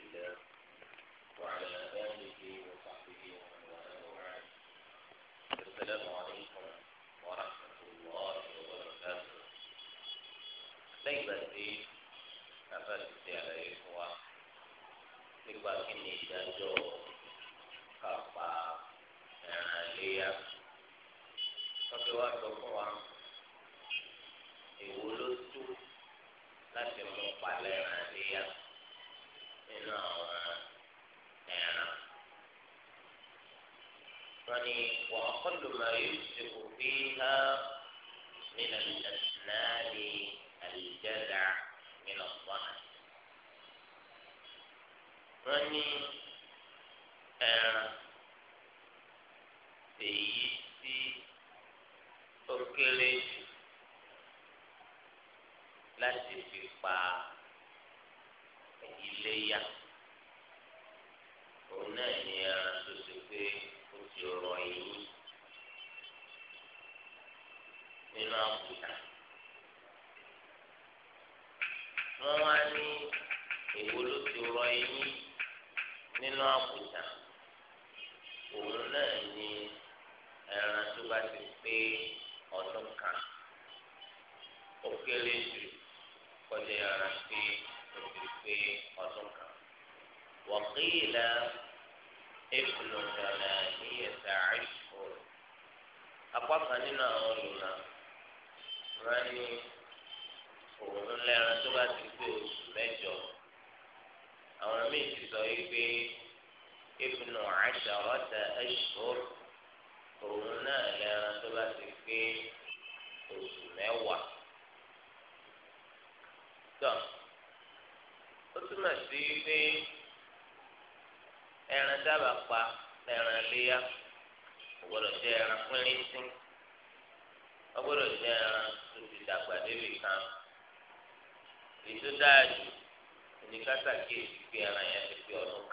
الله وعلى آله وصحبه ومن والاه وبعد السلام عليكم ورحمة الله وبركاته ليس الدين أفلت عليه هو nípa kí ni ìdájọ́ kápá ẹ̀ràn léyà wọ́n fi wá sọ fún wa èwo ló tó láti mú palẹ̀ ẹ̀ràn léyà. يعني وأقل ما يمسك فيها من الأسنان الجدع من الظن يعني سيسي أكلي لا تفقى إليه هنا يا رسول nínú àbùdá wọn wá ní èwo ló ti rọ eyín nínú àbùdá òun náà ní ẹran tó bá ti pé ọdún kan ó kéré jù kọjá ẹran pé ó ti pé ọdún kan وقيل ابن ثمانية عشر أقوى nínú àwọn wọ́n ní òun lẹ́ran tó bá ti gbé oṣù mẹ́jọ àwọn míì ti sọ yìí pé ibùnà àṣà ọ̀tá ẹ̀ṣọ́ òun náà lẹ́ran tó bá ti gbé oṣù mẹ́wàá. tọ́ ó tún mọ̀ sí pé ẹran dábàá pa ẹran léyà kò jẹ́ ẹran pínrín sí. ọgbọ́dọ̀ jẹ́ ẹran tó ti dàgbà débi kan ètò dáàjù oníkàtà kéèké pé ẹran yẹn ti pé ọdún kan.